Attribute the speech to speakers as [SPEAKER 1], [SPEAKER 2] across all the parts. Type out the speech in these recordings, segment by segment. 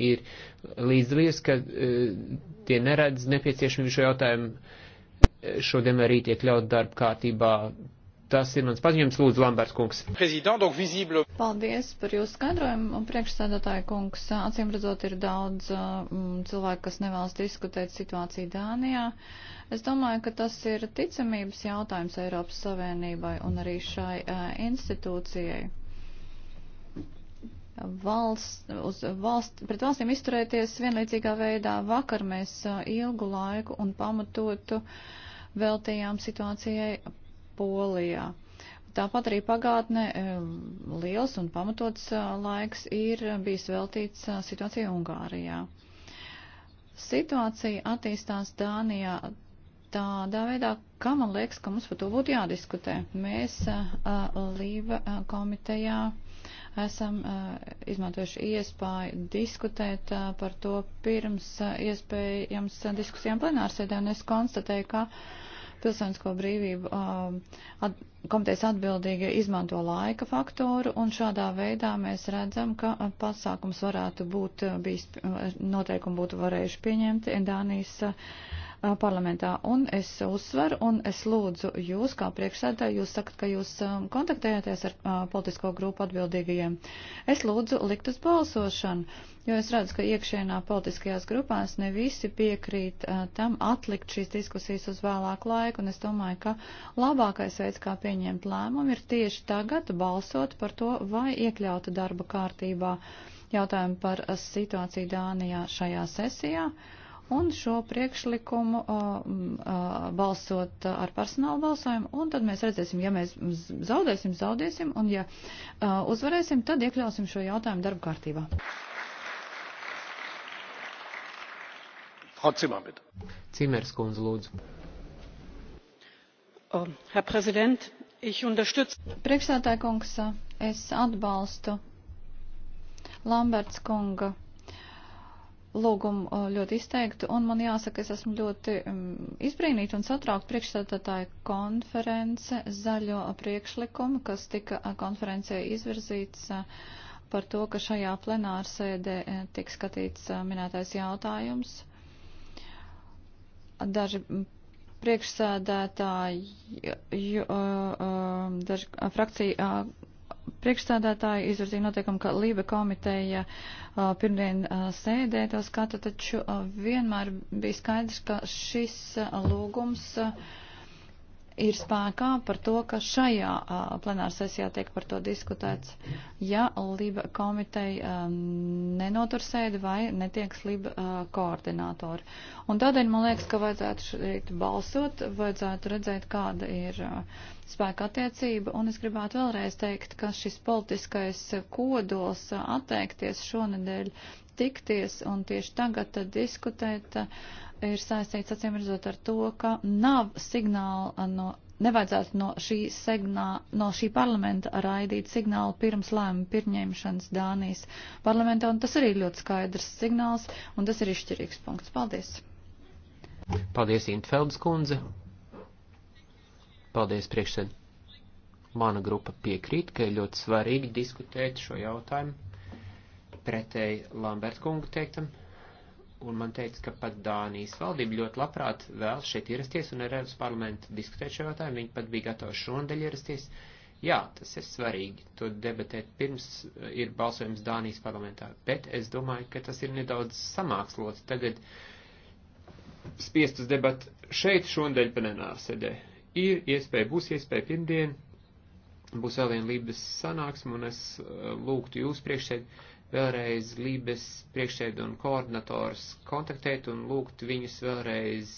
[SPEAKER 1] ir līdzdalības, ka e, tie neredz nepieciešamību šo jautājumu e, šodien arī tiek ļaut darba kārtībā. Tas ir mans paziņojums, lūdzu, Lamberts kungs.
[SPEAKER 2] Paldies par jūsu skaidrojumu, un priekšsēdētāja kungs, acīm redzot, ir daudz mm, cilvēku, kas nevēlas diskutēt situāciju Dānijā. Es domāju, ka tas ir ticamības jautājums Eiropas Savienībai un arī šai uh, institūcijai valsts, uz valsts, pret valstīm izturēties vienlīdzīgā veidā. Vakar mēs ilgu laiku un pamatotu veltījām situācijai Polijā. Tāpat arī pagātnē liels un pamatots laiks ir bijis veltīts situācijai Ungārijā. Situācija attīstās Dānijā tādā veidā, kā man liekas, ka mums par to būtu jādiskutē. Mēs Līva komitejā esam izmantojuši iespēju diskutēt par to pirms iespējams diskusijām plenārsēdē, un es konstatēju, ka pilsonisko brīvību at, komitejas atbildīgie izmanto laika faktoru, un šādā veidā mēs redzam, ka pasākums varētu būt bijis, noteikumi būtu varējuši pieņemti Dānijas parlamentā. Un es uzsveru un es lūdzu jūs, kā priekšsēdētāji, jūs sakat, ka jūs kontaktējāties ar politisko grupu atbildīgajiem. Es lūdzu likt uz balsošanu, jo es redzu, ka iekšēnā politiskajās grupās ne visi piekrīt tam atlikt šīs diskusijas uz vēlāku laiku, un es domāju, ka labākais veids, kā pieņemt lēmumu, ir tieši tagad balsot par to, vai iekļauta darba kārtībā jautājumu par situāciju Dānijā šajā sesijā. Uh, un šo priekšlikumu uh, uh, balsot ar personālu balsojumu, un tad mēs redzēsim, ja mēs zaudēsim, zaudēsim, un ja uh, uzvarēsim, tad iekļausim šo jautājumu darba kārtībā.
[SPEAKER 1] Cimers kundze, lūdzu.
[SPEAKER 2] Oh, Herr Präsident, ich unterstütze. Priekšsētāja kungs, es atbalstu Lamberts kunga lūgumu uh, ļoti izteikti, un man jāsaka, es esmu ļoti um, izbrīnīta un satraukta priekšstādātāja konference zaļo priekšlikumu, kas tika uh, konferencē izvirzīts uh, par to, ka šajā plenārsēdē tiks skatīts minētais jautājums. Daži mm, priekšsēdētāji, um, daži frakcija priekšstādātāji izvirzīja noteikumu, ka Lība komiteja uh, pirmdien uh, sēdē to skata, taču uh, vienmēr bija skaidrs, ka šis lūgums. Uh, ir spēkā par to, ka šajā plenāra sesijā tiek par to diskutēts, ja Liba komiteja nenotur sēdi vai netiek Liba koordinātori. Un tādēļ man liekas, ka vajadzētu šeit balsot, vajadzētu redzēt, kāda ir spēka attiecība, un es gribētu vēlreiz teikt, ka šis politiskais kodols atteikties šonedēļ tikties un tieši tagad diskutēt, uh, ir saistīts acīm redzot ar to, ka nav signāla no, nevajadzētu no šī, signā, no šī parlamenta raidīt signālu pirms lēmuma pirņemšanas Dānijas parlamentā, un tas arī ir ļoti skaidrs signāls, un tas ir izšķirīgs punkts. Paldies!
[SPEAKER 1] Paldies, Intfeldes kundze! Paldies, priekšsēd! Mana grupa piekrīt, ka ir ļoti svarīgi diskutēt šo jautājumu pretēji Lamberta kungu teiktam un man teica, ka pat Dānijas valdība ļoti labprāt vēl šeit ierasties un ar Eiropas parlamentu diskutēt šo jautājumu. Viņi pat bija gatavi šonadēļ ierasties. Jā, tas ir svarīgi, to debatēt pirms uh, ir balsojums Dānijas parlamentā, bet es domāju, ka tas ir nedaudz samākslots tagad spiest uz debatu šeit šonadēļ panenā sēdē. Ir iespēja, būs iespēja pirmdien, būs vēl viena lības sanāksme, un es uh, lūgtu jūs priekšsēdē vēlreiz Lībes priekšsēdu un koordinators kontaktēt un lūgt viņus vēlreiz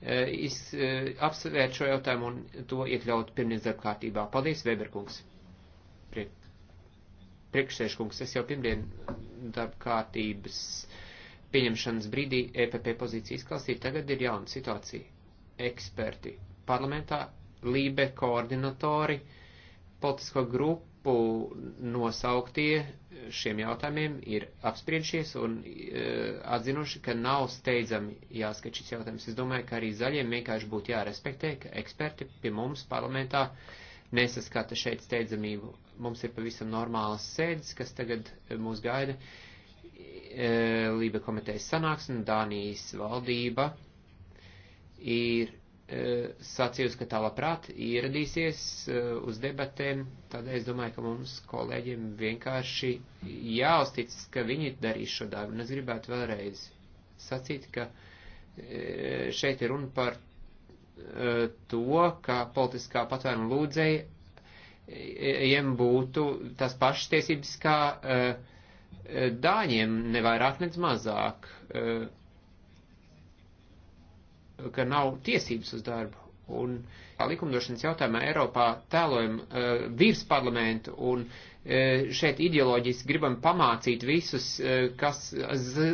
[SPEAKER 1] e, iz, e, apsvērt šo jautājumu un to iekļaut pirmdienas darba kārtībā. Paldies, Weberkungs. Priek, priekšsēžkungs, es jau pirmdien darba kārtības pieņemšanas brīdī EPP pozīciju izklāstīju, tagad ir jauna situācija. Eksperti parlamentā, Lībe koordinatori, politisko grupu grupu nosauktie šiem jautājumiem ir apspriedušies un e, atzinuši, ka nav steidzami jāskat šis jautājums. Es domāju, ka arī zaļiem vienkārši būtu jārespektē, ka eksperti pie mums parlamentā nesaskata šeit steidzamību. Mums ir pavisam normālas sēdes, kas tagad mūs gaida. E, Lība komitejas sanāksme, Dānijas valdība ir Eh, sacījusi, ka tā labprāt ieradīsies eh, uz debatēm, tad es domāju, ka mums kolēģiem vienkārši jāuztic, ka viņi darīs šo darbu. Un es gribētu vēlreiz sacīt, ka eh, šeit ir runa par to, ka politiskā patvēruma lūdzēja jiem būtu tas pašas tiesības kā dāņiem, nevairāk, nec mazāk. Uh, ka nav tiesības uz darbu. Un likumdošanas jautājumā Eiropā tēlojam uh, eh, virs parlamentu un uh, šeit ideoloģiski gribam pamācīt visus, uh, kas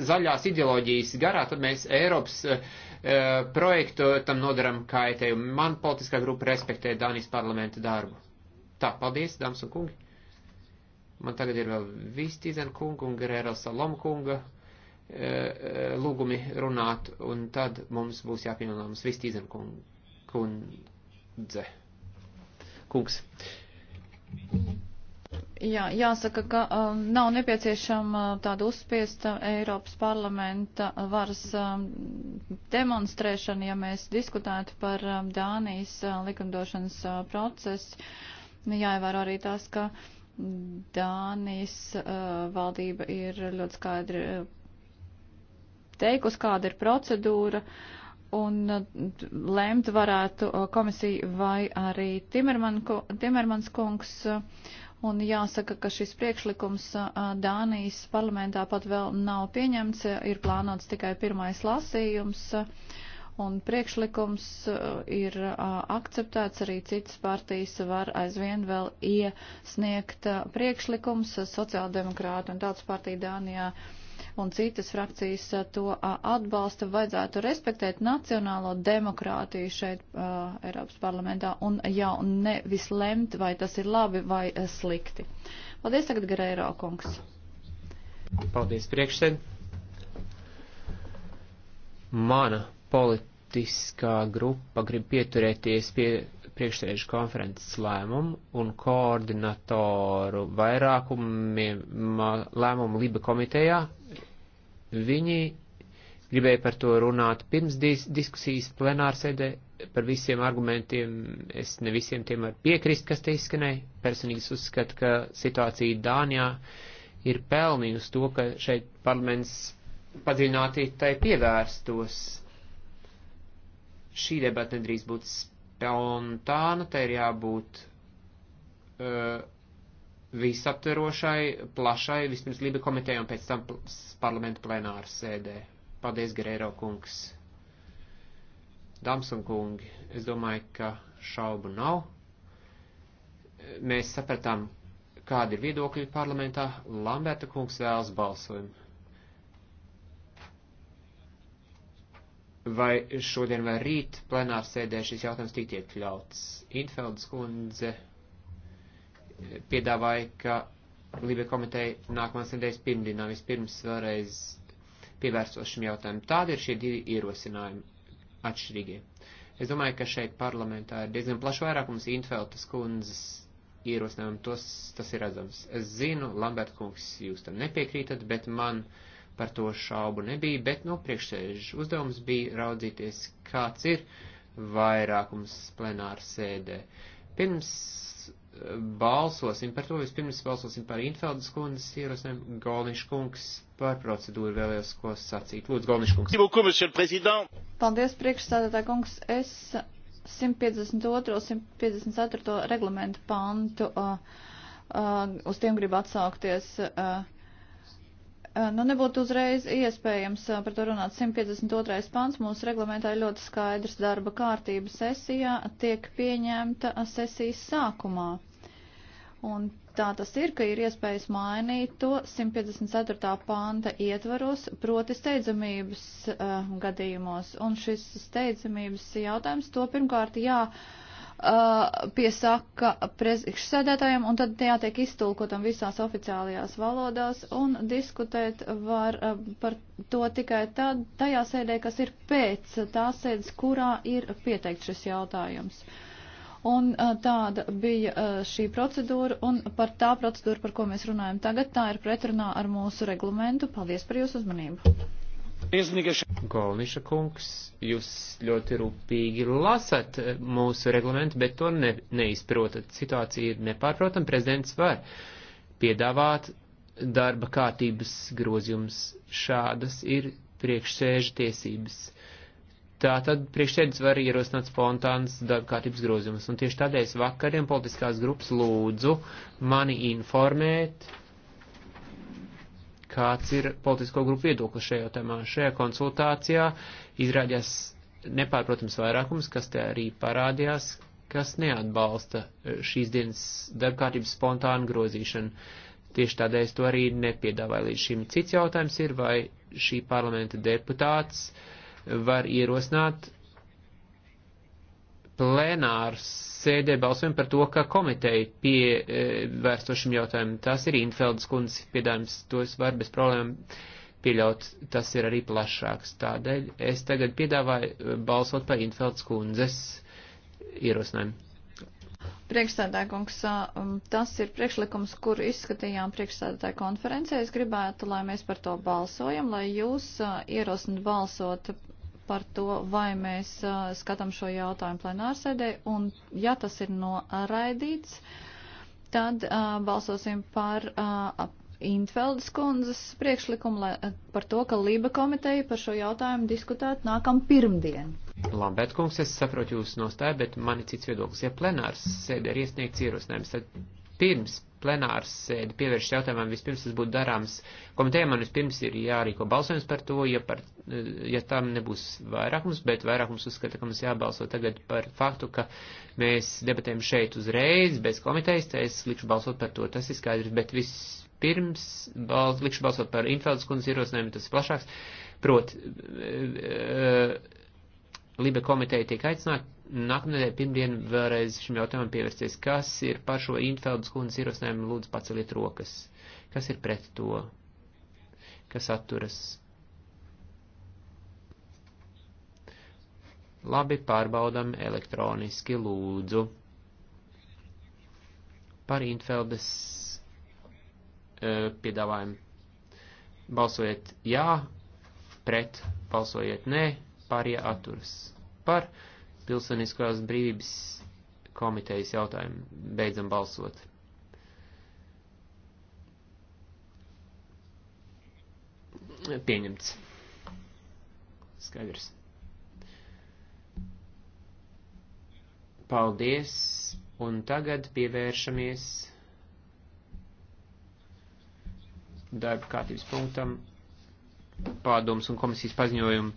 [SPEAKER 1] zaļās ideoloģijas garā, tad mēs Eiropas uh, projektu tam nodaram kaitējumu. Man politiskā grupa respektē Dānijas parlamenta darbu. Tā, paldies, dāmas un kungi. Man tagad ir vēl Vistīzen kunga un Gerēra Salom kunga E, e, lūgumi runāt, un tad mums būs jāpieņem lēmums Vistīzen kundze. Kungs.
[SPEAKER 2] Jā, jāsaka, ka um, nav nepieciešama uh, tāda uzspiesta Eiropas parlamenta varas um, demonstrēšana, ja mēs diskutētu par um, Dānijas uh, likumdošanas uh, procesu. Jāievēro arī tas, ka Dānijas uh, valdība ir ļoti skaidri uh, teikusi, kāda ir procedūra, un uh, lemt varētu uh, komisija vai arī Timermans kungs. Uh, un jāsaka, ka šis priekšlikums Dānijas parlamentā pat vēl nav pieņemts, ir plānots tikai pirmais lasījums un priekšlikums ir akceptēts, arī citas partijas var aizvien vēl iesniegt priekšlikums, sociāldemokrāti un tautas partija Dānijā un citas frakcijas uh, to uh, atbalsta, vajadzētu respektēt nacionālo demokrātiju šeit uh, Eiropas parlamentā un jau nevis lemt, vai tas ir labi vai uh, slikti. Paldies tagad, Garēro kungs.
[SPEAKER 1] Paldies, priekšsēd. Mana politiskā grupa grib pieturēties pie priekšsēžu konferences lēmumu un koordinatoru vairākumiem lēmumu Liba komitejā Viņi gribēja par to runāt pirms dis diskusijas plenārsēdē, par visiem argumentiem, es ne visiem tiem varu piekrist, kas te izskanēja. Personīgi es uzskatu, ka situācija Dānijā ir pelnījusi to, ka šeit parlaments padziļināti tai pievērstos. Šī debata nedrīkst būt spontāna, tai ir jābūt. Uh, visaptverošai, plašai, vispirms Liba komiteja un pēc tam parlamentu plenāru sēdē. Paldies, Gerēro kungs. Dāmas un kungi, es domāju, ka šaubu nav. Mēs sapratām, kādi ir viedokļi parlamentā. Lamberta kungs vēlas balsojumu. Vai šodien vai rīt plenārsēdē šis jautājums tiek iekļauts? Infeldes kundze piedāvāja, ka Libija komiteja nākamās nedēļas pirmdienā vispirms vēlreiz pievērstos šim jautājumam. Tādi ir šie divi ierosinājumi atšķirīgie. Es domāju, ka šeit parlamentā ir diezgan plašs vairākums Infeltas kundzes ierosinājumu, tos tas ir redzams. Es zinu, Lambert kungs, jūs tam nepiekrītat, bet man par to šaubu nebija, bet no nu, priekšsēžu uzdevums bija raudzīties, kāds ir vairākums plenāra sēdē. Pirms balsosim par to. Vispirms balsosim par Infeldas kundas ierosinājumu. Golniš kungs par procedūru vēlējos ko sacīt. Lūdzu, Golniš kungs.
[SPEAKER 2] Paldies, priekšstādātāj kungs. Es 152. 154. reglamentu pantu. Uh, uh, uz tiem gribu atsaukties. Uh, nu, nebūtu uzreiz iespējams par to runāt. 152. pants mūsu reglamentā ir ļoti skaidrs darba kārtība sesijā, tiek pieņemta sesijas sākumā. Un tā tas ir, ka ir iespējas mainīt to 154. panta ietvaros, proti steidzamības uh, gadījumos. Un šis steidzamības jautājums to pirmkārt jā. Uh, uh, piesaka priekšsēdētājiem, un tad jātiek iztulkotam visās oficiālajās valodās, un diskutēt var uh, par to tikai tad, tajā sēdē, kas ir pēc tās sēdes, kurā ir pieteikts šis jautājums. Un uh, tāda bija uh, šī procedūra, un par tā procedūru, par ko mēs runājam tagad, tā ir pretrunā ar mūsu reglamentu. Paldies par jūsu
[SPEAKER 1] uzmanību! Golniša kungs, jūs ļoti rūpīgi lasat mūsu reglamentu, bet to ne, neizprotat. Situācija ir nepārprotam, prezidents var piedāvāt darba kārtības grozījums. Šādas ir priekšsēža tiesības. Tātad priekšsēdis var ierosināt spontāns darba kārtības grozījumus, un tieši tādēļ es vakariem politiskās grupas lūdzu mani informēt kāds ir politisko grupu viedoklis šajā temā. Šajā konsultācijā izrādījās nepārprotams vairākums, kas te arī parādījās, kas neatbalsta e, šīs dienas darbkārtības spontānu grozīšanu. Tieši tādēļ es to arī nepiedāvāju līdz šim. Cits jautājums ir, vai šī parlamenta deputāts var ierosināt plēnārs sēdē balsojam par to, ka komiteja pievērsto šim jautājumam. Tas ir Infeldes kundzes piedājums, to es varu bez problēmām pieļaut, tas ir arī plašāks. Tādēļ es tagad piedāvāju eh, balsot par Infeldes kundzes ierosinājumu.
[SPEAKER 2] Priekšstādākungs, um, tas ir priekšlikums, kur izskatījām priekšstādātāju konferencē. Es gribētu, lai mēs par to balsojam, lai jūs ierosinat balsot par to, vai mēs skatām šo jautājumu plenārsēdē, un ja tas ir noraidīts, tad uh, balsosim par uh, Intfeldes kundzes priekšlikumu lai, par to, ka Lība komiteja par šo jautājumu diskutētu nākam pirmdien.
[SPEAKER 1] Lambert kungs, es saprotu jūsu nostāju, bet man ir cits viedoklis. Ja plenārs sēdē ir iesniegts ierosinājums, tad pirms plenārs sēdi pievērš jautājumam, vispirms tas būtu darāms komitejam, un vispirms ir jārīko balsojums par to, ja, par, ja tam nebūs vairākums, bet vairākums uzskata, ka mums jābalso tagad par faktu, ka mēs debatējam šeit uzreiz, bez komitejas, tā es likšu balsot par to, tas ir skaidrs, bet vispirms bal, likšu balsot par Infeldes kundzes ierosinājumu, tas ir plašāks, prot, e, e, Libe komiteja tiek aicināta nākamnedēļ pirmdien vēlreiz šim jautājumam pievērsties. Kas ir par šo Infeldas kundzes ierosinājumu? Lūdzu, paceliet rokas. Kas ir pret to? Kas atturas? Labi, pārbaudam elektroniski lūdzu. Par Infeldas uh, e, piedāvājumu. Balsojiet jā, pret, balsojiet nē, pārie atturas. Par Pilsoniskās brīvības komitejas jautājumu. Beidzam balsot. Pieņemts. Skaidrs. Paldies, un tagad pievēršamies darba kārtības punktam pārdomas un komisijas paziņojumu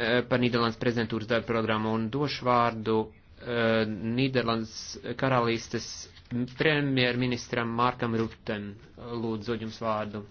[SPEAKER 1] Eh, par Nīderlandes prezidentūras darba programmu un došu vārdu uh, Nīderlandes karalistes premjerministram Markam Rutem. Lūdzu, jums vārdu.